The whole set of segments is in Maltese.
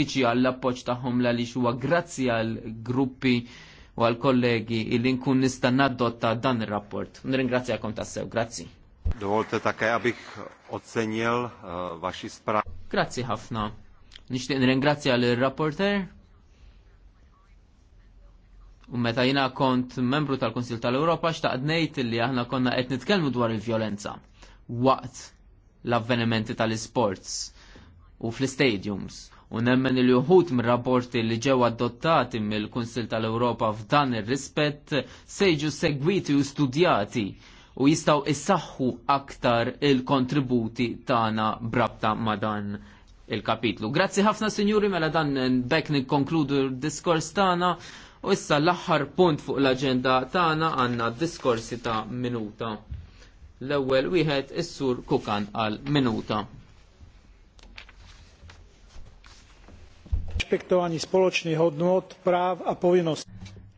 tiċi għall-appoċ taħħom l għaliex huwa grazzi għal gruppi u għal kollegi illi nkun nista naddotta dan ir-rapport. Nringrazzjakom tassew, grazzi. Dovolte také, abych ocenil uh, vaši Grazzi ħafna. Nixtieq nringrazzja l rapporter U meta jina kont membru tal-Konsil tal-Europa xtaqdnejt ngħid li aħna konna qed nitkellmu dwar il-vjolenza waqt l-avvenimenti tal-isports u fl-stadiums U nemmen il uħut mir-rapporti li ġew adottati mill-Kunsil tal-Ewropa f'dan ir-rispett sejġu segwiti u studjati u jistaw issaħħu aktar il-kontributi tagħna brabta ma' dan il-kapitlu. Grazzi ħafna sinjuri mela dan bekk nikkonkludu d-diskors tagħna u issa l-aħħar punt fuq l-aġenda tagħna għandna diskorsi ta' minuta. L-ewwel wieħed is-sur Kukan għal minuta. rešpektovaní spoločných hodnot, práv a povinností.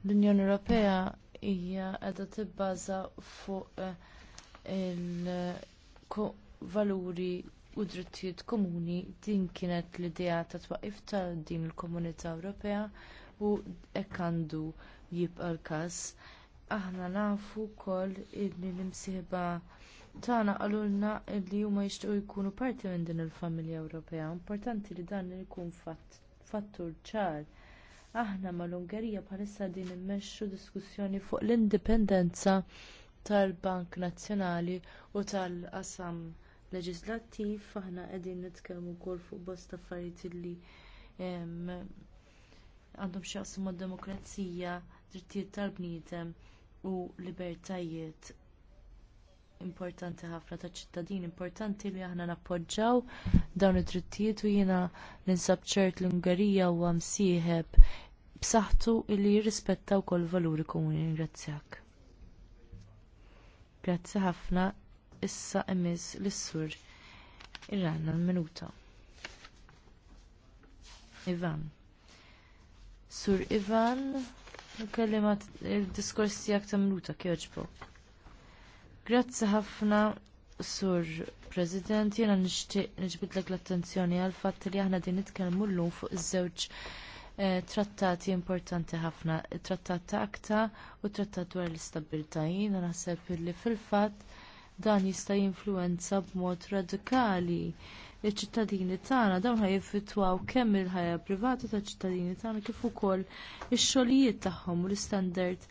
L-Unjoni Ewropea hija qiegħda tibbaża fuq eh, il-valuri u drittijiet komuni din kienet l-idea ta' twaqif ta' din il-Komunità Ewropea u hekk għandu jibqa' l-każ. Aħna nafu wkoll li l-imsieħba tagħna qalulna li huma jixtiequ jkunu parti minn din il-familja Ewropea. Importanti li dan ikun fatt fattur ċar. Aħna mal-Ungerija bħalissa din immexxu diskussjoni fuq l-indipendenza tal-Bank Nazzjonali u tal-qasam leġislattiv aħna qegħdin nitkellmu wkoll fuq bost affarijiet li għandhom xi mad demokrazija, drittijiet tal-bniedem u libertajiet importanti ħafna taċ ċittadin, importanti li aħna nappoġġaw dawn id-drittijiet u jiena ninsab ċert l-Ungerija huwa msieħeb b'saħħtu li jirrispettaw kol valuri komuni ngrazzjak. Grazzi ħafna issa emiss l-sur irranna l-minuta. Ivan. Sur Ivan, kellimat il-diskors tijak ta' minuta kjoġbok. Grazzi ħafna, Sur President, jena nixtieq niġbidlek l-attenzjoni għal fatt li aħna din nitkellmu llum fuq iż-żewġ eh, trattati importanti ħafna, trattat ta' akta u trattat dwar l-istabilta. Jiena naħseb li fil-fatt dan jista' jinfluwenza b'mod radikali iċ-ċittadini tagħna dawn ħajjiffittwaw kemm il-ħajja privata taċ ċittadini tagħna kif ukoll ix-xogħlijiet tagħhom u l-istandard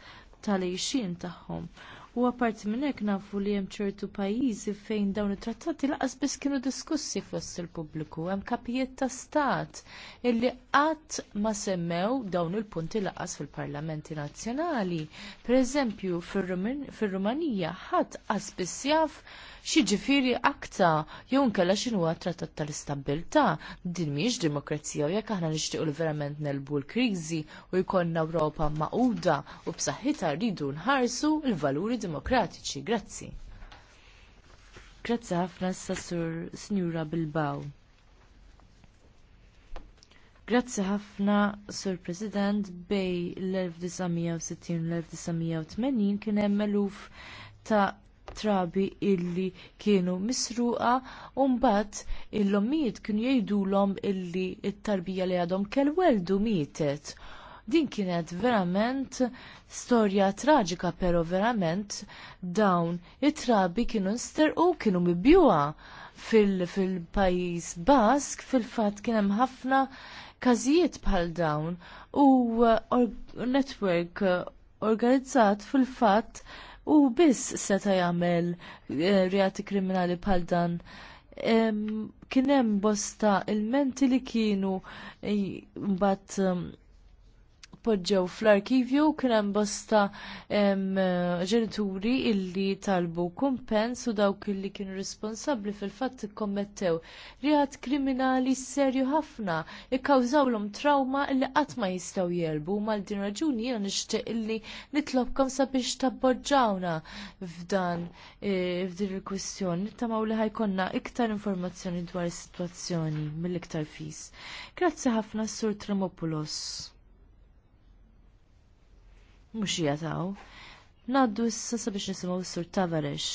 tal-għixin tagħhom. U apparti minn hekk nafu li hemm ċertu pajjiżi fejn dawn it-trattati laqas biss kienu diskussi fost il-pubbliku, hemm kapijiet ta' stat illi qatt ma semmew dawn il-punti laqas fil-parlamenti nazzjonali. Pereżempju fir-Rumanija ħadd qas biss jaf xieġifiri akta jew nkella xinu trattat tal-istabilta din mhijiex demokrazija u jekk aħna nixtiequ li verament nelbu l-kriżi u jkollna Ewropa maquda u b'saħħitha rridu nħarsu l-valuri demokratiċi. Grazzi. Grazzi ħafna s-sassur Bilbaw. Grazzi ħafna, Sur President, bej l-1960 l-1980 kien hemm eluf ta' trabi illi kienu misruqa u mbagħad il kienu jgħidulhom illi t tarbija li għadhom kell weldu mietet Din kienet verament storja traġika, pero verament dawn it-trabi kienu nsterqu, kienu mibjuwa fil-pajis fil Bask, fil-fat kienem ħafna kazijiet bħal dawn u uh, or network uh, organizzat fil-fat u biss seta jagħmel uh, reati kriminali bħal dan kien hemm bosta ilmenti li kienu mbagħad um, poġġew fl-arkivju kien hemm bosta eh, ġenituri illi talbu kumpens u dawk illi kienu responsabbli fil-fatt ikkommettew riħat kriminali serju ħafna ikkawżawlhom trauma li qatt ma jistgħu jelbu mal din raġuni jiena nixtieq illi nitlobkom sabiex tabboġġawna f'dan eh, f'din il-kwistjoni tamaw li ħajkonna iktar informazzjoni dwar is-sitwazzjoni mill-iktar fis. Grazzi ħafna Sur Tremopoulos mhux jataw. Naddu issa sabiex nisimgħu s-sur Tavarex.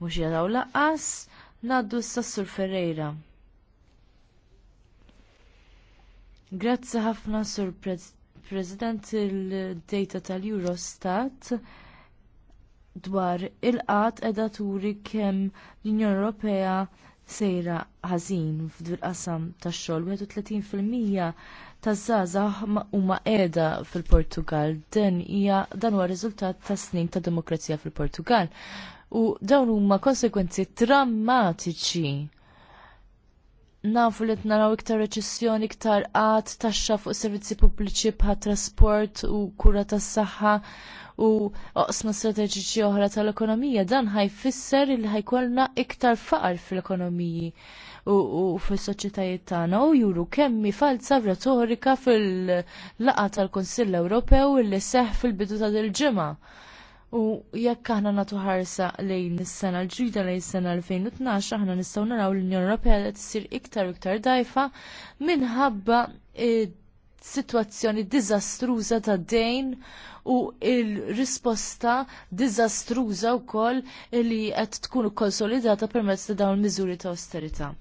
Mhux jataw laqqas, naddu issa s-sur Ferreira. Grazzi ħafna sur President il-data tal-Eurostat dwar il-qat edaturi kem kemm l-Unjoni Ewropea sejra ħażin fil qasam tax-xogħol 31% taż-żgħażagħ huma qiegħda fil-Portugal. Dan hija dan huwa riżultat ta' snin ta' demokrazija fil-Portugal. U dawn huma konsekwenzi drammatiċi nafu li t-naraw iktar reċessjoni, iktar għad, taxxa fuq servizzi pubbliċi bħal trasport u kura tas saħħa u oqsma strateġiċi oħra tal-ekonomija, dan ħajfisser li ħajkollna iktar faqar fil-ekonomiji u fil-soċietajiet tagħna u juru kemmi falsa retorika fil-laqa tal-Konsill Ewropew li seħ fil-bidu ta' dil-ġimgħa U jekk aħna nagħtu ħarsa lejn is-sena l-ġdida lejn is-sena 2012 aħna nistgħu naraw l-Unjoni Ewropea qed issir iktar u iktar dajfa minħabba sitwazzjoni diżastruża ta' dejn u l risposta diżastruża wkoll li qed tkun konsolidata permezz ta' dawn miżuri ta' austerità.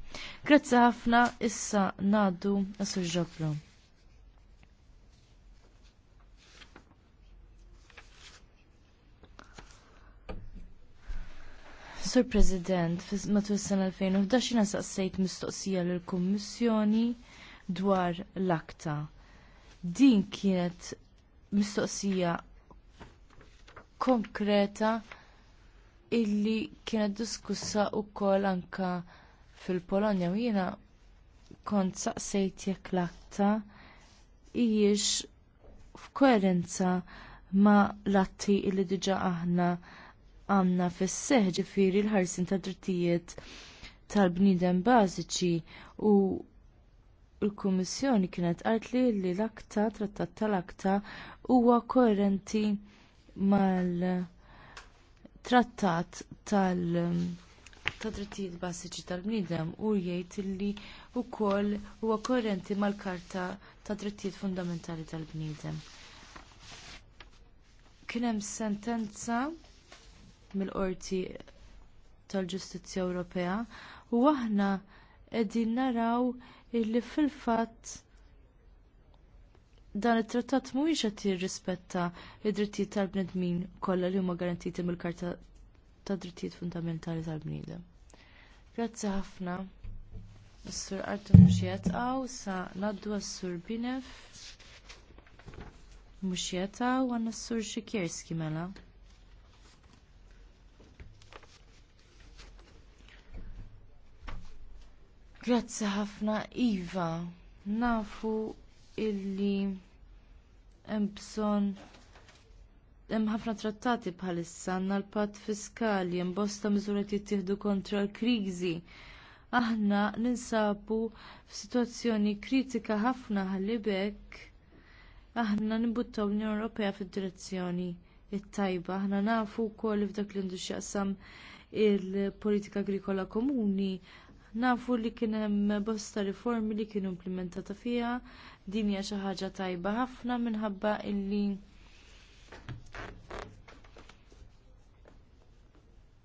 Grazzi ħafna issa ngħaddu għas-Sur Sur President, matul s-sena 2011 jina saqsejt mistoqsija l-Kommissjoni dwar l-akta. Din kienet mistoqsija konkreta illi kienet diskussa wkoll anke fil-Polonja u jiena kont saqsejt jekk l akta hijiex f'koerenza ma l-atti illi diġà aħna għanna fis seħħ ġifiri l-ħarsin ta' drittijiet tal-bniedem bażiċi u l-Kummissjoni kienet qalt li l-akta trattat tal-akta huwa koerenti mal-trattat tal- ta' drittijiet bażiċi tal-bniedem u jgħid li wkoll huwa koerenti mal-Karta ta' Drittijiet Fundamentali tal-Bniedem. Kien hemm sentenza mill-Qorti tal-Ġustizzja Ewropea u aħna qegħdin naraw illi fil-fatt dan it-trattat mhuwiex qed jirrispetta id-drittijiet tal-bnedmin kollha li huma garantiti mill-Karta tad Drittijiet Fundamentali tal-Bniedem. Grazzi ħafna. Is-Sur Artur mhux sa ngħaddu għas-Sur Binef mhux jetqgħu għan sur Xikierski mela. Grazzi ħafna Iva. Nafu illi hemm bżonn hemm ħafna trattati bħalissa għandna l-patt fiskali hemm bosta miżuret jittieħdu kontra l-kriżi. Aħna ninsabu f'sitwazzjoni kritika ħafna ħallibek aħna nibuttaw l-Unjoni Ewropea fid-direzzjoni it-tajba. Aħna nafu wkoll f'dak li ndu x'jaqsam il-politika agrikola komuni Nafu li kien hemm bosta riformi li kienu implementata fiha, din hija xi ħaġa tajba ħafna minħabba illi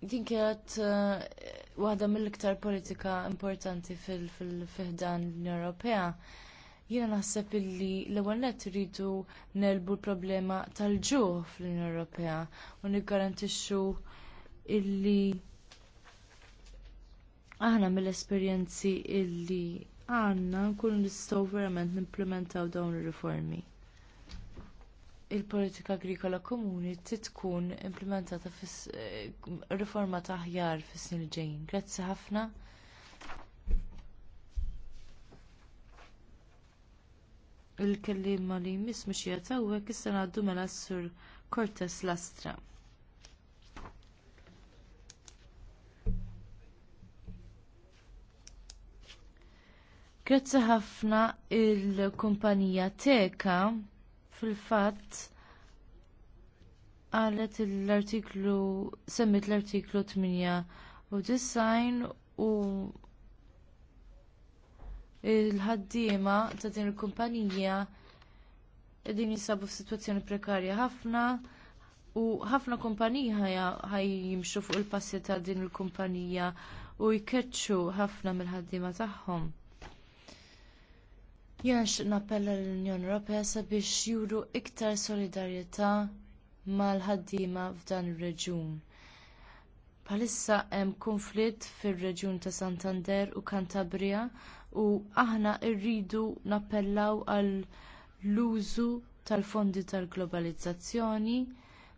din kienet eh, waħda mill-iktar politika importanti fil-fihdan l Ewropea. Jiena naħseb illi l-ewwel nett iridu nelbu l-problema tal-ġuħ fl-Unjoni Ewropea u niggarantixxu illi aħna mill-esperjenzi illi għanna nkunu nistgħu verament nimplementaw dawn ir-riformi. Il-politika agrikola komuni trid tkun implementata eh, riforma ta' aħjar fis-snin ġejjin. Grazzi ħafna. Il-kellim li jmiss mux jgħatawek, issa ngħaddu mela s-sur Cortes Lastra. Grazzi ħafna il-kumpanija Teka fil-fatt qalet l-artiklu semmit l-artiklu 8 u design u il-ħaddiema ta' din il-kumpanija qegħdin jinsabu f'sitwazzjoni prekarja ħafna u ħafna kumpanija ħaj jimxu fuq il-passi ta' din il-kumpanija u jkeċċu ħafna mill-ħaddiema tagħhom. Jena nappella l-Unjoni Ewropea sabiex juru iktar solidarjetà mal-ħaddiema f'dan ir-reġjun. Bħalissa hemm konflitt fir-reġjun ta' Santander u Kantabria u aħna rridu nappellaw għal l-użu tal-fondi tal-globalizzazzjoni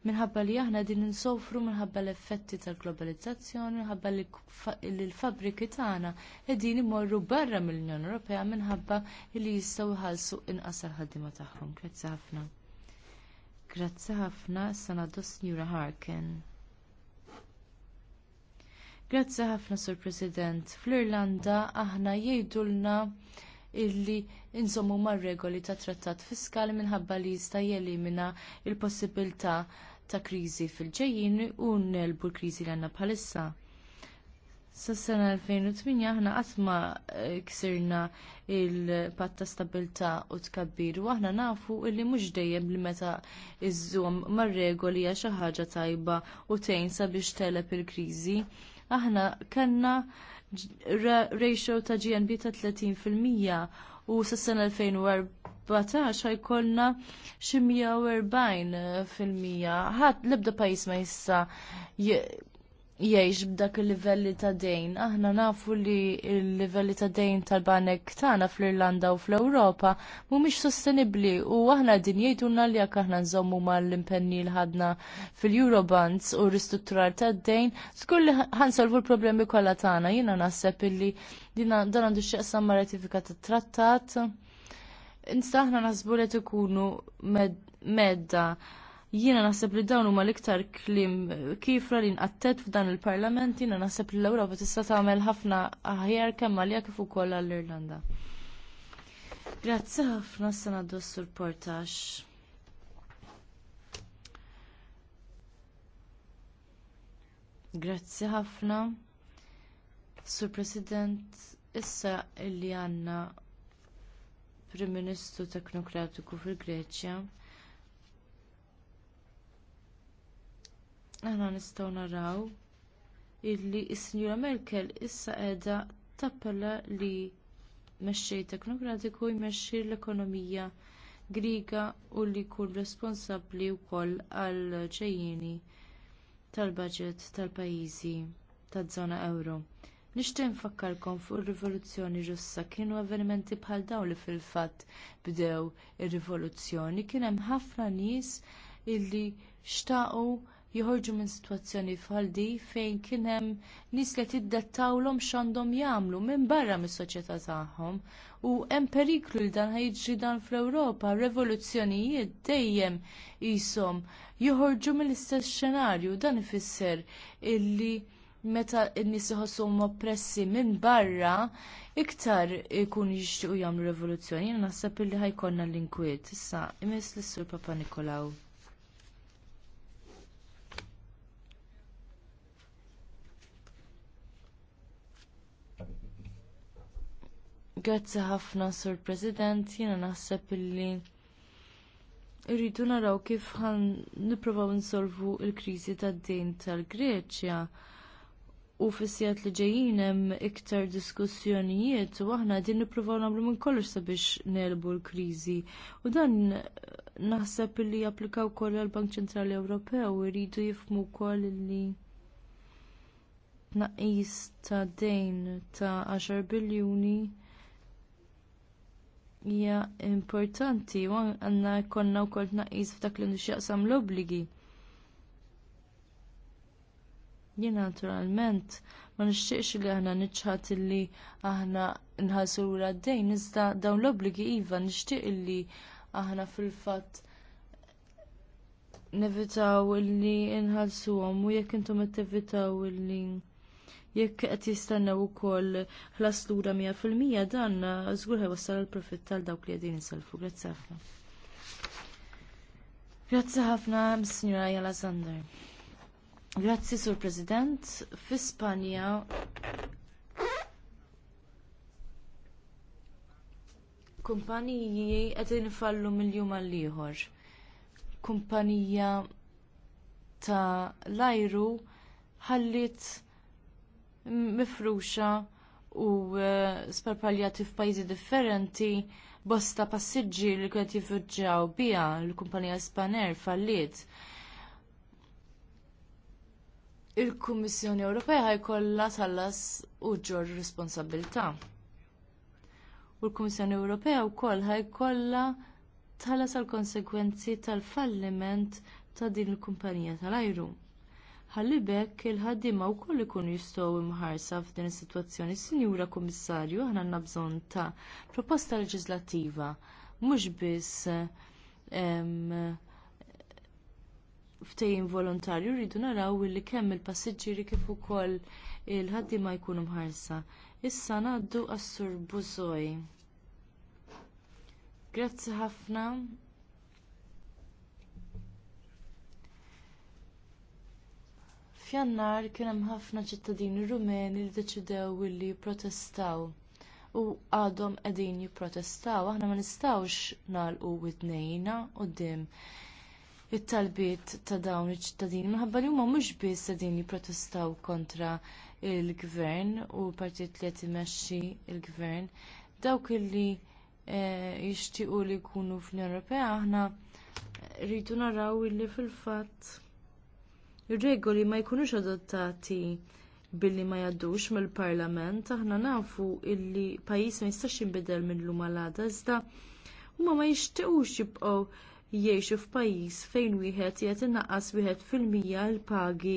minħabba li aħna din insofru minħabba l-effetti tal-globalizzazzjoni, minħabba li l-fabriki tagħna qegħdin imorru barra mill-Unjoni Ewropea minħabba li jistgħu jħallsu inqas ħaddiema tagħhom. Grazzi ħafna. Grazzi ħafna sanadu Harkin. Grazzi ħafna Sur President. Fl-Irlanda aħna jgħidulna illi insommu mar regoli tat trattat fiskali minħabba li jista' jelimina l possibilità ta' kriżi fil-ġejjin u nelbu l-kriżi li għandna bħalissa. Sas-sena 2008 aħna qatt ma eh, ksirna il-patt ta' stabilità u tkabbir u aħna nafu li mhux dejjem li meta iżżum mar-regoli hija xi ħaġa tajba u tgħin sabiex telep il-kriżi. Aħna kellna ratio ta' GNB ta' 30% u sas-sena 2004 2014 jkollna xi 140 eh, fil-mija. Ħadd l-ebda pajjiż ma jista' jgħix b'dak il-livelli ta' dejn. Aħna nafu li il-livelli ta' dejn tal-banek tagħna fl-Irlanda u fl-Ewropa mhumiex sostenibbli u aħna din jgħidulna li jekk aħna nżommu mal-impenni l ħadna fil-Eurobonds u ristrutturar ta' dejn, skur li ħansolvu l-problemi kollha tagħna. Jiena naħseb illi dan għandu xieqsam ma' ratifika tat trattat Instaħna nasbu li tkunu medda. Jiena naħseb li dawn huma l-iktar klim kifra li nqattet f'dan il-Parlament, jiena naħseb li l-Ewropa tista' tagħmel ħafna aħjar kemm għalija kif ukoll għall-Irlanda. Grazzi ħafna s-sena d-dossur portax. Grazzi ħafna. Sur President, issa il-li għanna prim Ministru Teknokratiku fil-Greċja. Aħna nistgħu naraw illi s-Sinjura Merkel issa qiegħda tappella li mexxej teknokratiku jmexxi l-ekonomija griega u li jkun responsabbli wkoll għal ġejjieni tal-baġit tal-pajjiżi taż-żona euro. Nixtieq nfakkarkom fuq ir-Rivoluzzjoni Russa kienu avvenimenti bħal dawn li fil-fatt bdew ir-rivoluzzjoni. Kien hemm ħafna nies illi xtaqu joħorġu minn sitwazzjoni bħal di fejn kien hemm nies li tiddettawlhom x'għandhom jagħmlu minn barra mis-soċjetà tagħhom u hemm periklu li dan ħajġri dan fl-Ewropa rivoluzzjonijiet dejjem ishom joħorġu mill-istess xenarju dan ifisser illi meta n-nies iħossuhom oppressi minn barra iktar ikun jixtiequ jagħmlu rivoluzzjoni, jiena naħseb illi ħajkonna l-inkwiet. Issa, imis l-Sur Papa Nikolaw. Grazzi ħafna, Sur President, jiena naħseb li irridu naraw kif ħan niprofaw nsolvu l kriżi tad-dejn tal-Greċja u fissijat li ġejjin hemm iktar diskussjonijiet u aħna din nippruvaw nagħmlu minn kollox sabiex nelbu l-kriżi. U dan eh, naħseb li japplika wkoll għall-Bank Ċentrali Ewropew iridu jifhmu wkoll li tnaqqis ta' dejn ta' 10 biljuni hija importanti u għandna jkollna wkoll tnaqqis f'dak li nixjaqsam l-obbligi Jien naturalment ma nixtieqx li aħna niċħat illi aħna nħallsu lura dejn iżda dawn l obbligi iva nixtieq illi aħna fil-fatt nevitaw illi nħallsuhom u jekk intom qed tevitaw illi jekk qed jistennew ukoll ħlas fil 100% dan żgur ħewassal il-profitt tal dawk li qegħdin insalfu. Grazzi ħafna. Grazzi ħafna, Signora Jala Sander. Grazzi, Sur President. Fi Spanja kumpaniji qed infallu mill-jum għal ieħor Kumpanija ta' lajru ħallit mifruxa u eh, sparpaljati f'pajjiżi differenti bosta passiġġi li kienet jifugġaw biha l-kumpanija Spanair falliet il-Kummissjoni Ewropea ħajkollha tħallas u ġor responsabilità. U l-Kummissjoni Ewropea wkoll ħajkollha tħallas għal konsegwenzi tal-falliment ta' din il-kumpanija tal-ajru. Ħallibek il-ħaddiema wkoll ikunu jistgħu imħarsa f'din is-sitwazzjoni, Sinjura Kummissarju, aħna għandna bżonn ta' proposta leġislattiva mhux biss ftejn volontarju rridu naraw li kemm il-passiġġieri kif ukoll il-ħaddiema jkunu mħarsa. Issa ngħaddu għas-sur Buzoj. Grazzi ħafna. F'jannar kien hemm ħafna ċittadini rumeni li deċidew li jipprotestaw u għadhom qegħdin jipprotestaw. Aħna ma nistgħux nagħlqu widnejna quddiem it-talbiet ta' dawn iċ-ċittadini minħabba li huma mhux biss qegħdin jipprotestaw kontra l gvern u l-partit li qed imexxi l gvern dawk illi eh, jixtiequ li jkunu fl Ewropea aħna rridu naraw illi fil-fatt ir-regoli ma jkunux adottati billi ma jgħaddux mill-parlament, aħna nafu illi pajjiż ma jistax jinbidel minn lum għal iżda huma ma jixtiequx jibqgħu jgħixu f'pajjiż fejn wieħed jgħet innaqas wieħed fil-mija l-pagi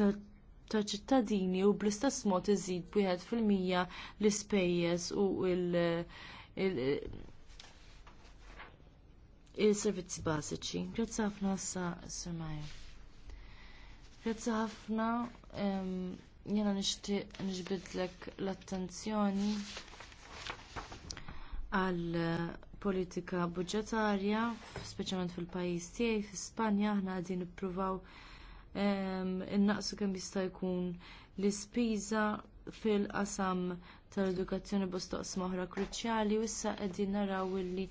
ta' ċittadini u bl-istess mod iżid wieħed fil-mija l-ispejjeż u l servizzi bażiċi. Grazzi ħafna sa' Semaja. Grazzi ħafna jena nixtieq nixbidlek l-attenzjoni għal politika budġetarja, speċjalment fil-pajjiż tiegħi, fl-Ispanja aħna qegħdin nippruvaw ehm, innaqsu kemm jista' jkun l-ispiża fil-qasam tal-edukazzjoni bosta oħra kruċjali u issa qegħdin naraw illi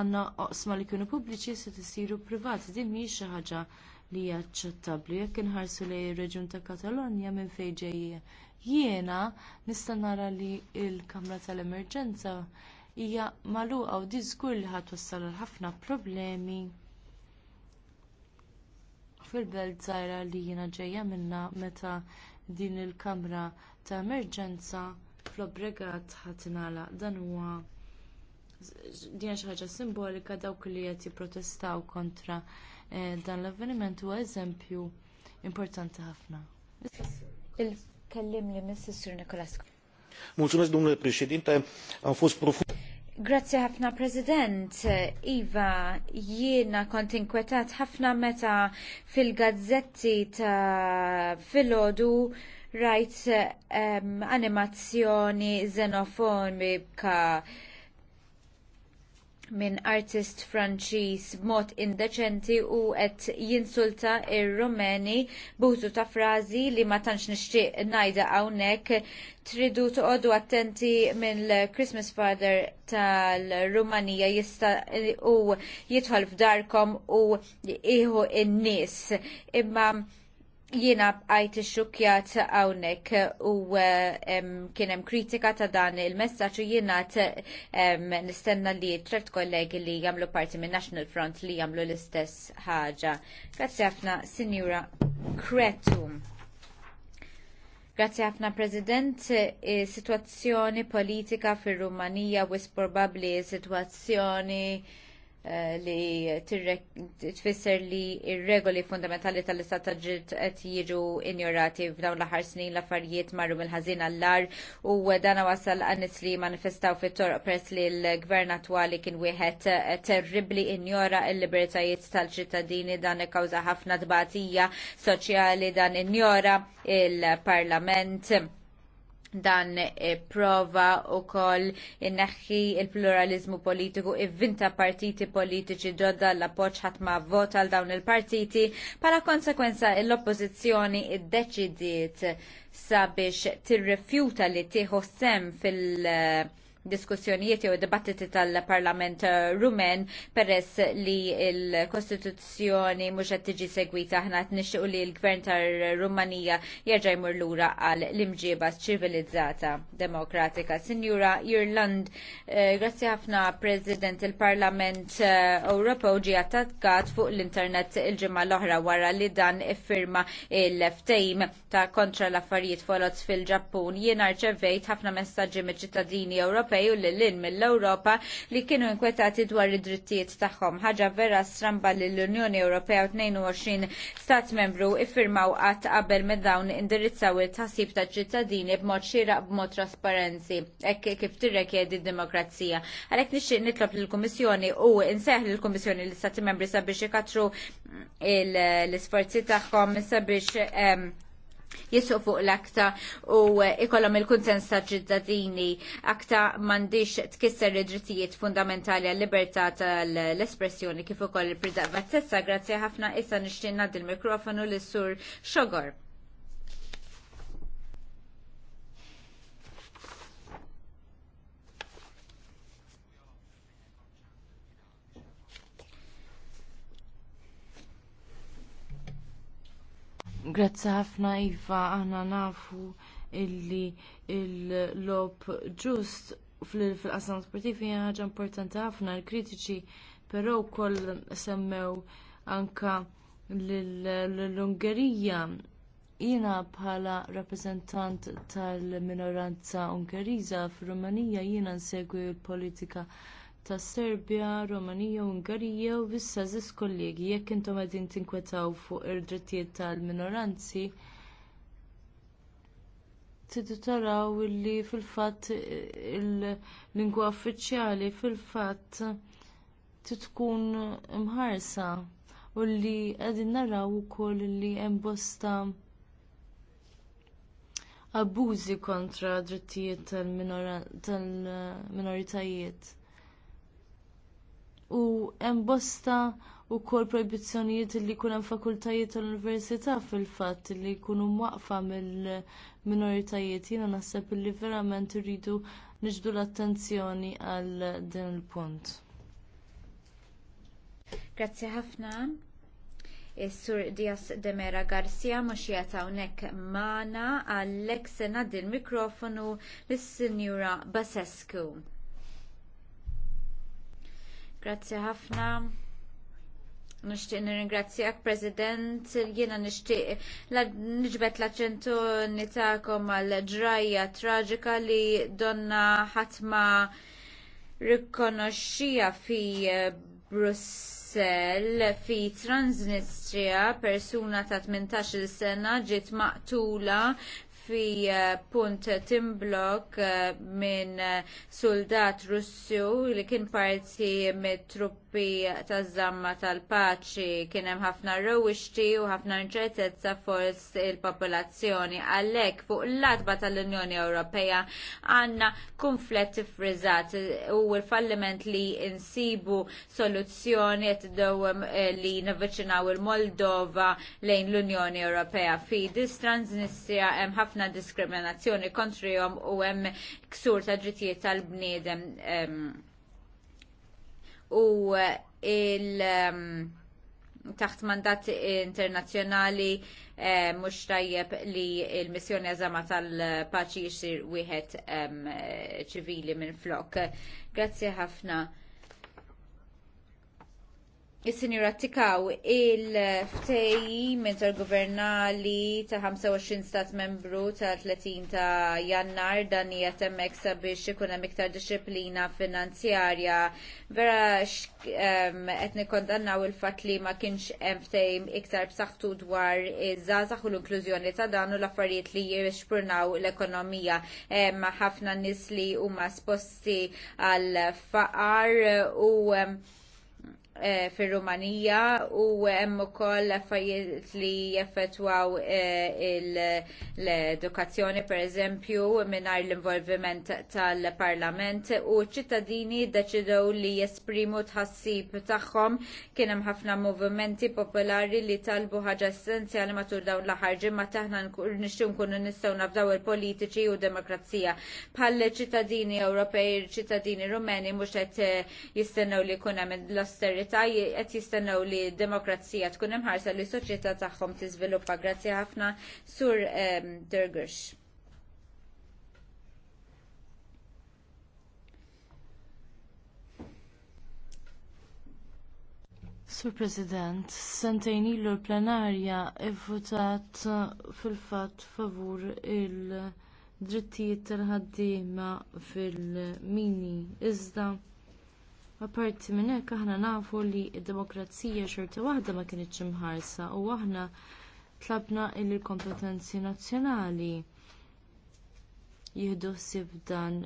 għandna oqsma li kienu pubbliċi se tisiru privati. Din mhijiex xi ħaġa li hija aċċettabbli jekk inħarsu lejn ir-Reġjun ta' Katalonja minn fejn ġejja. Jiena nista' nara li l-Kamra tal-Emerġenza hija magħluqa u diżgur li ħadd wassal ħafna problemi fil-belt żgħira li jiena ġejja minnha meta din il-kamra ta' emerġenza fl-obbligat ħadd ingħalaq dan huwa din xi ħaġa simbolika dawk li qed jipprotestaw kontra eh, dan l-avveniment huwa eżempju importanti ħafna. Il-kellim li Mrs. Sir Nicolas. fost Grazzi ħafna President. Iva, jiena kont inkwetat ħafna meta fil-gazzetti ta' filodu rajt um, animazzjoni xenofobika minn artist Franċiż b'mod indeċenti u qed jinsulta r rumeni b'użu ta' frażi li ma tantx nixtieq ngħidha hawnhekk tridu toqogħdu attenti mill Christmas Father tal-Rumanija jista' u jidħol f'darkom u jieħu in-nies. Imma jiena bqajt xukjat hawnhekk u eh, kien hemm kritika ta' dan il-messaġġ u jiena nistenna li tret kollegi li jagħmlu parti minn National Front li jagħmlu l-istess ħaġa. Grazzi ħafna Sinjura Kretu. Grazzi ħafna President, eh, situazzjoni politika fir-Rumanija wis probabbli situazzjoni Eh, li tfisser li ir-regoli fundamentali tal-istat ta' ġirt qed jiġu injorati f'dawn l-aħħar snin l-affarijiet marru mill-ħażin għall-lar u dan wasal għannis li manifestaw fit-torq press li l-gvern attwali kien wieħed terribli injora l-libertajiet tal-ċittadini dan ikkawża ħafna dbatija soċjali dan injora il-parlament dan prova u koll inneħħi il-pluralizmu politiku i-vinta partiti politiċi ġodda l-appoċ ma vota għal dawn il-partiti pala konsekwenza l-oppozizjoni id-deċidiet sabiex tirrefjuta li tieħu sem fil- diskussjonijiet jew dibattiti tal-Parlament eh, Rumen peress li l-Kostituzzjoni mhux qed tiġi segwita aħna qed nixtiequ li l-Gvern tar-Rumanija jerġa' jmur lura għal l-imġieba ċivilizzata demokratika. Sinjura Irland, eh, grazzi ħafna President il-Parlament eh, Ewropew ġie attakkat fuq l-internet il-ġimgħa l-oħra wara li dan iffirma il-ftejm ta' kontra l-affarijiet folots fil-Ġappun. Jiena rċevejt ħafna messaġġi mill-ċittadini Ewropa Ewropej u l-lin mill-Ewropa li kienu inkwetati dwar id-drittijiet tagħhom. Ħaġa vera stramba li l-Unjoni Ewropea u 22 stat membru iffirmaw qatt qabel me dawn indirizzaw il-tħassib ta' ċittadini b'mod xieraq b'mod trasparenzi. Ekk kif tirrekjedi d-demokrazija. Għalhekk nixtieq nitlob lill-Kummissjoni u inseħ lill-Kummissjoni l-Stati membri sabiex ikatru l-isforzi tagħhom sabiex Jisu fuq l-akta u eh, ikollhom il-kunsens ta' ġiddadini. Akta m'għandix tkisser id-drittijiet fundamentali għal libertà tal-espressjoni kif ukoll il-privatezza. Grazzi ħafna issa nixtieq ngħaddi l-mikrofonu lis sur Xogor. Grazzi ħafna Iva, aħna nafu illi il-lob ġust fil-qasam sportivi ħaġa importanti ħafna l-kritiċi però wkoll semmew anka l-Ungerija jiena bħala rappreżentant tal-minoranza Ungeriża fir-Rumanija jiena nsegwi l-politika ta' Serbja, Rumanija, Ungarija u issa żis kollegi jekk intom qegħdin tinkwetaw fuq ir-drittijiet tal-minoranzi tidu taraw li fil-fatt il-lingwa uffiċjali fil-fatt tkun imħarsa u li qegħdin naraw ukoll li hemm bosta abbużi kontra drittijiet tal-minoritajiet u hemm bosta wkoll proibizzjonijiet li jkun hemm fakultajiet tal-università fil-fatt li jkunu waqfa mill-minoritajiet jiena naħseb li verament irridu niġbdu l-attenzjoni għal din il-punt. Grazzi ħafna. Is-Sur Dias Demera Garcia mhux jeta hawnhekk magħna għalhekk se ngħaddi l-mikrofonu lis-Sinjura Basescu. Grazzi ħafna. Nishtiq nirringrazzjak, President, jiena nishtiq nġbet l-aċċentuni ta'kom għal ġrajja traġika li donna ħatma rikonoxxija fi eh, Brussell fi Transnistria persuna ta' 18 sena ġiet maqtula fi eh, punt timblok eh, minn eh, soldat Russu li kien parti mit-trupp l taż-żamma tal-paċi kien hemm ħafna rewixti u ħafna inċertezza fors il-popolazzjoni. Għalhekk fuq l latba tal-Unjoni Ewropea għandna kunflett friżat u l-falliment li insibu soluzzjoni qed iddewwem eh, li navviċinaw il-Moldova lejn l-Unjoni Ewropea. Fi dis-Transnistria hemm ħafna diskriminazzjoni kontrihom u hemm ksur ta' drittijiet tal-bniedem u il- um, taħt mandat internazzjonali mux eh, mhux tajjeb li l-missjoni għazama tal-paċi jisir wieħed ċivili minn flok. Grazzi ħafna. Is-sinjura Tikaw il ftej mentor intergovernali ta' 25 stat membru ta' 30 ta' jannar dan jatemmek sabiex ikun hemm iktar disciplina finanzjarja vera qed nikkondannaw il-fatt li ma kienx hemm ftej iktar b'saħħtu dwar iż-żgħażagħ u l-inklużjoni ta' dan u l-affarijiet li jixpurnaw l-ekonomija. Hemm ħafna nies li huma sposti għal faqar u fil eh, fir-Rumanija u hemm ukoll affarijiet li jeffettwaw eh, l-edukazzjoni pereżempju mingħajr l-involviment tal-Parlament u ċ-ċittadini ddeċidew li jesprimu tħassib tagħhom kien hemm ħafna movimenti popolari li talbu ħaġa essenzjali matul dawn l-aħħar ma taħna nixtiew nkunu nistgħu nafdaw il-politiċi u demokrazija. Bħal ċittadini Ewropej, ċittadini Rumeni mhux qed eh, jistennew li jkun hemm l-austerity komunità qed jistennew li d-demokrazija tkun imħarsa li s-soċjetà tagħhom tiżviluppa. Grazzi ħafna sur Dergersh. Sur President, sentejn ilu l-plenarja ivvutat fil fatt favur il-drittijiet tal-ħaddiema fil-mini. Iżda, Apparti minn hekk aħna nafu li d-demokrazija xorta waħda ma kienitx imħarsa u aħna tlabna l kompetenzi nazzjonali jieħdu ħsieb dan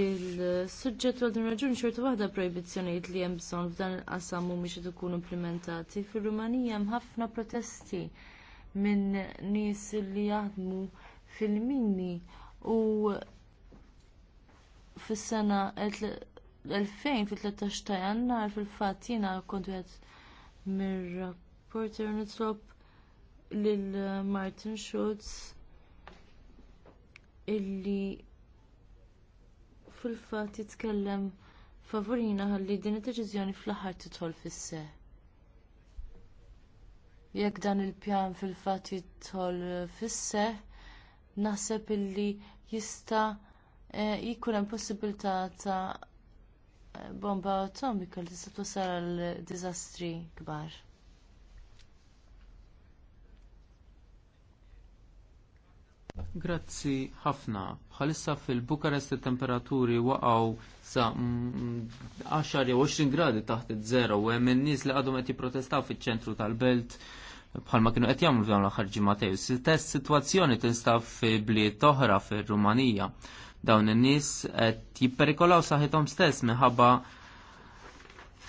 il suġġett għal din raġuni xorta waħda projbizzjonijiet li hemm bżonn f'dan il-qasam mhumiex qed ikunu implementati. Fir-Rumanija hemm ħafna protesti minn nies li jaħdmu fil-mini u fis-sena 2000 fil-13 ta' jannar fil-fatt jiena kont wieħed mir-rapporter nitlob lil Martin Schulz illi fil-fatt jitkellem favorina ħalli din id-deċiżjoni fl-aħħar tidħol fis-seħ. Jekk dan il-pjan fil-fatt jidħol fis-seħ, naħseb illi jista' Eh, jikun hemm possibilità ta' bomba atomika li tista' twassal għal diżastri kbar. Grazzi ħafna. Bħalissa fil-Bukarest temperaturi waqgħu sa 10 mm, jew 20 gradi taħt iż-żero u hemm in-nies li għadhom qed jipprotestaw fiċ-ċentru tal-belt bħalma kienu qed jagħmlu l-aħħar ġimgħatej. Stess sitwazzjoni tinstab fi bliet oħra fir-Rumanija. Dawn in-nies qed jipperikolaw saħħithom stess minħabba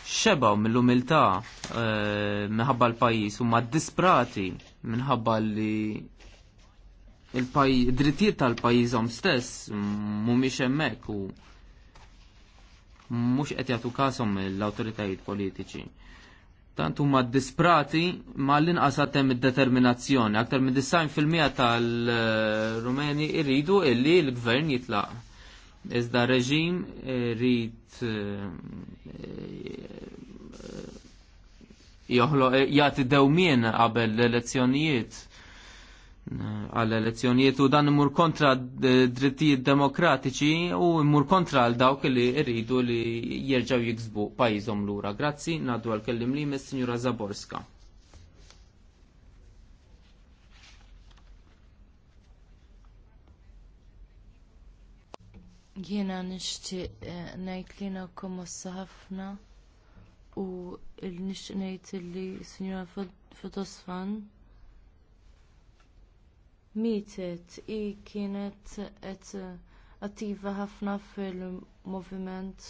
xebaw mill-umiltà eh, minħabba l-pajjiż huma disprati minħabba li il-drittijiet tal-pajjiżhom stess mhumiex hemmhekk u mhux qed jagħtu kasom l-awtoritajiet politiċi tant huma disprati ma l-inqas għatem id-determinazzjoni. Aktar minn 90% tal-Rumeni irridu illi l-gvern jitlaq. Iżda reġim rrid eh, eh, joħlo jagħti dewmien qabel l-elezzjonijiet għall elezzjonijiet u dan imur kontra drittijiet demokratiċi u imur kontra għal dawk li rridu li jirġaw jiksbu pajizom lura. Grazzi, naddu għal kellim li mis signora Zaborska. Jiena nishti eh, ngħid li na ħafna u l-nishti ngħid li signora Fotosfan mietet i kienet qed eh, attiva ħafna fil-moviment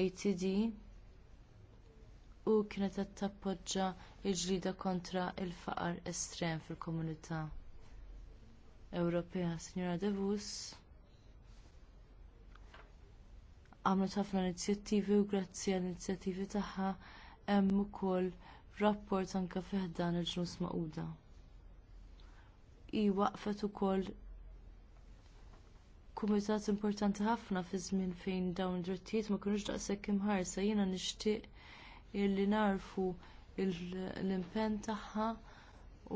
ATD u kienet qed tappoġġja l-ġlieda kontra l faqar estrem fil-komunità Ewropea. Signora Devus għamlet ħafna inizjattivi u grazzi għall inizjattivi tagħha hemm ukoll rapport anke fih dan il-ġnus maquda i waqfet ukoll kumitat importanti ħafna fi żmien fejn dawn id-drittijiet ma kinux daqshekk imħarsa jiena nixtieq illi narfu l-impenn tagħha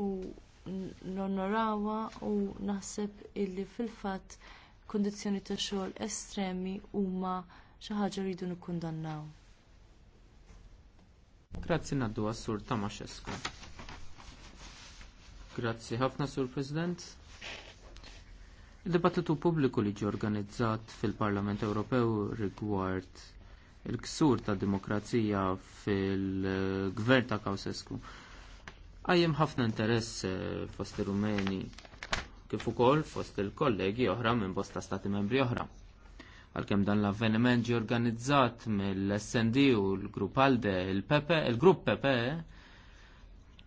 u nonorawha u naħseb illi fil-fatt kundizzjoni ta' xogħol estremi huma xi ħaġa rridu nikkundannaw. Grazzi ngħaddu għas-sur Tamaxescu. Grazzi ħafna, Sur President. Il-dibattitu pubbliku li ġi organizzat fil-Parlament Ewropew rigward il-ksur ta' demokrazija fil-gvern ta' Kawsesku. Għajem ħafna interess eh, fost il-Rumeni kif ukoll fost il-kollegi oħra minn bosta stati membri oħra. Għalkemm dan l-avveniment ġi organizzat mill-SND u l-grupp Alde, il-Pepe, il-grupp Pepe, il grupp pepe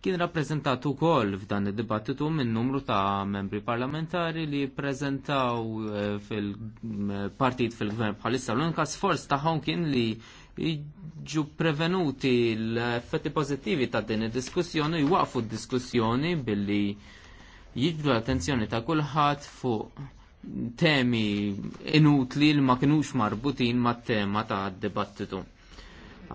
kien rappreżentat ukoll f'dan id-dibattitu minn numru ta' membri parlamentari li prezentaw eh, fil-partit eh, fil-gvern bħalissa l-unika sforz tagħhom kien li ġu prevenuti l-effetti pożittivi ta' din id-diskussjoni jwaqfu d-diskussjoni billi jiġu l-attenzjoni ta' kulħadd fuq temi inutli li ma kinux marbutin mat tema ta' dibattitu.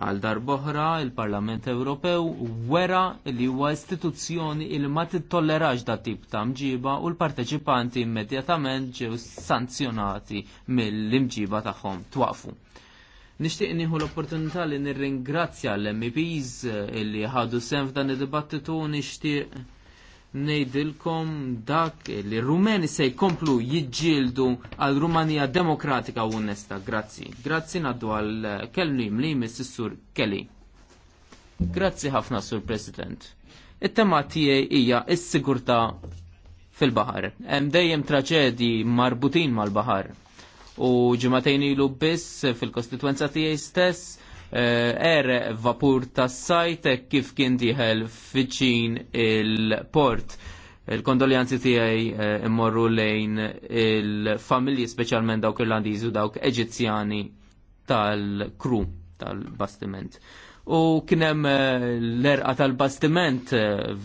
Għal darboħra il-Parlament Ewropew wera li huwa istituzzjoni li ma tittollerax da tip ta' mġiba u l-parteċipanti immedjatament ġew sanzjonati mill-imġiba tagħhom twaqfu. Nixtieq nieħu l-opportunità li nirringrazzja l-MEPs eh, li ħadu sem f'dan id-dibattitu nixtieq ngħidilkom dak li rumeni se jkomplu jidġildu għal Rumanija demokratika u onesta. Grazzi. Grazzi naddu għal kellu li jmiss sur Kelly. Grazzi ħafna sur President. It-tema tiegħi hija s-sigurtà fil-baħar. Hemm dejjem traċedi marbutin mal-baħar. U ġimatejn ilu biss fil-kostituenza tiegħi stess Eh, ere vapur tas sajt e kif kien diħel fiċin il-port. Il-kondoljanzi tiegħi eh, immorru lejn il-familji speċjalment dawk irlandiżi u dawk Eġizzjani tal-kru tal-bastiment. U kienem eh, l-erqa tal-bastiment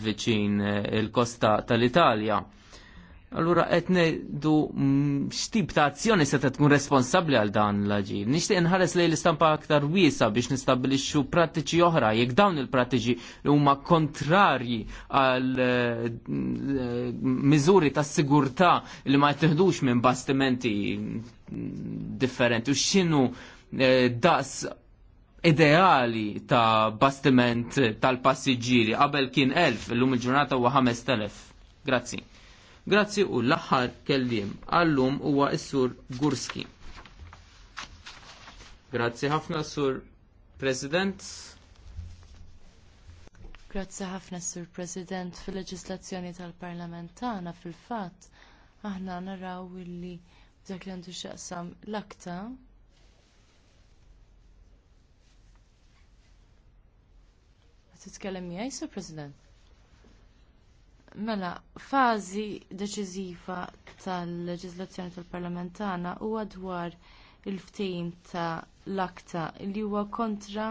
viċin il-kosta tal-Italja Allura qed ngħidu mm, x'tip ta' azzjoni se tkun responsabbli għal dan l aġin Nixtieq nħares lejn l-istampa aktar wiesa biex nistabilixxu prattiċi oħra jekk dawn il-prattiċi li huma kontrarji għal eh, eh, miżuri ta' sigurtà li ma jtiħdux minn bastimenti mm, differenti u x'inhu eh, daqs ideali ta' bastiment tal-passiġġieri qabel kien elf, illum il-ġurnata huwa ħames telef. Grazzi. Grazzi u l-aħħar kelliem għallum huwa s-sur Gurski. Grazzi ħafna sur President. Grazzi ħafna sur President fil-leġislazzjoni tal-Parlament tagħna fil-fatt aħna naraw illi dak li għandu x'aqsam l-akta titkellem miegħi, Sur President? Mela, fażi deċiżiva tal-leġiżlazzjoni tal-Parlament tagħna huwa dwar il-ftehim ta' l-akta li huwa kontra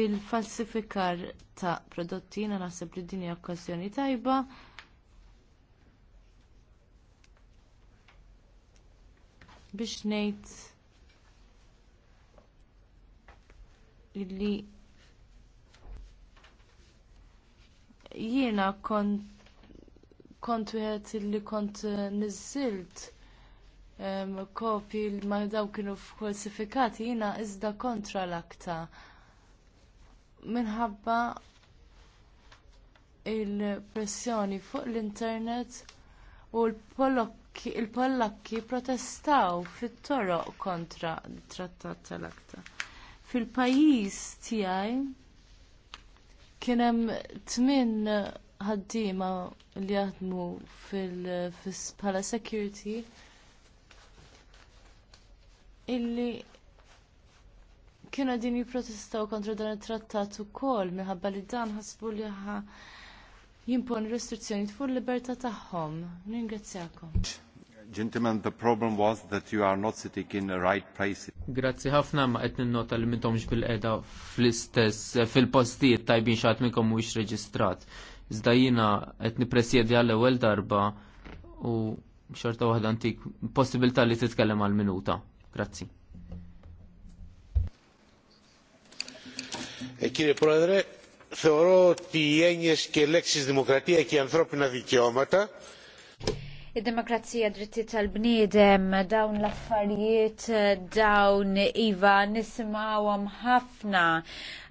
il-falsifikar ta' prodotti jiena naħseb li din hija okkażjoni tajba biex ngħid illi jiena kont kont wieħed li kont eh, niżilt kopji li ma daw kienu falsifikati jiena iżda kontra l-akta. Minħabba il-pressjoni fuq l-internet u l-Pollakki protestaw fit-toroq kontra t trattat tal-akta. Fil-pajjiż tiegħi kien hemm tmien ħaddiema li jaħdmu bħala security illi kienu din jipprotestaw kontra dan it-trattat ukoll minħabba li dan ħasbu li ħa jimpon restrizzjoni fuq il-libertà tagħhom. Ningrazzjakom. Gentlemen, the problem was that you are not sitting in the right place. Grazzi ħafna ma qed ninnota li mintomx bil-qeda fl-istess fil-postijiet tajbin xi ħadd minnkom mhuwiex reġistrat. Iżda jina qed nippresjedi għall ewwel darba u xorta waħda antik possibilità li titkellem għal minuta. Grazzi. Κύριε eh, Πρόεδρε, θεωρώ ότι οι έννοιες και λέξεις δημοκρατία και ανθρώπινα δικαιώματα Id-demokrazija dritti tal-bniedem dawn l-affarijiet dawn iva nisimgħuhom ħafna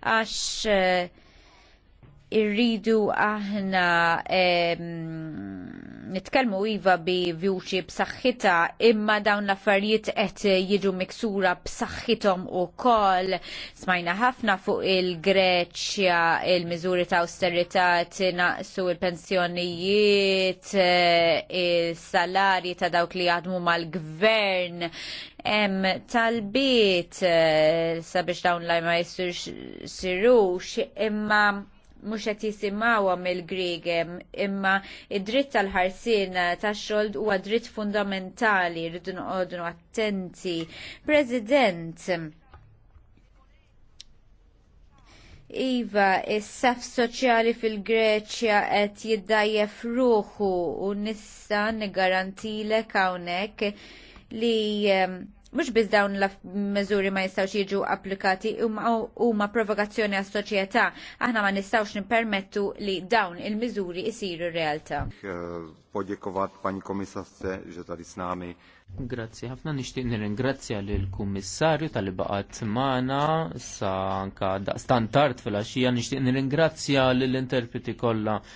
għax irridu aħna nitkellmu iva bi vjuċi b'saħħitha imma dawn l-affarijiet qed jiġu miksura b'saħħithom ukoll. Smajna ħafna fuq il-Greċja il-miżuri ta' austerità tinaqsu il-pensjonijiet, il-salarji ta' dawk li jaħdmu mal-gvern Em tal-bit eh, sabiex dawn lajma jissirux imma mhux qed jisimgħuhom il-Grieg imma id-dritt tal-ħarsien tax-xogħol huwa dritt fundamentali rridu noqogħdu attenti. President, Iva, is-saf soċjali fil-Greċja qed jiddajjef ruħu u nista' nigarantilek hawnhekk li ehm, mux biz dawn la mezzuri ma jistawx jiġu applikati u ma provokazzjoni għas soċjetà aħna ma nistawx nipermettu li dawn il mezzuri jisiru realtà. Eh, Podjekovat pani komissasse ġetari snami. Grazzi, ħafna nishtiq nirringrazzja lil kummissarju tal baqat mana sa anka standard fil-axija nishtiq nirringrazzja lill interpreti kollha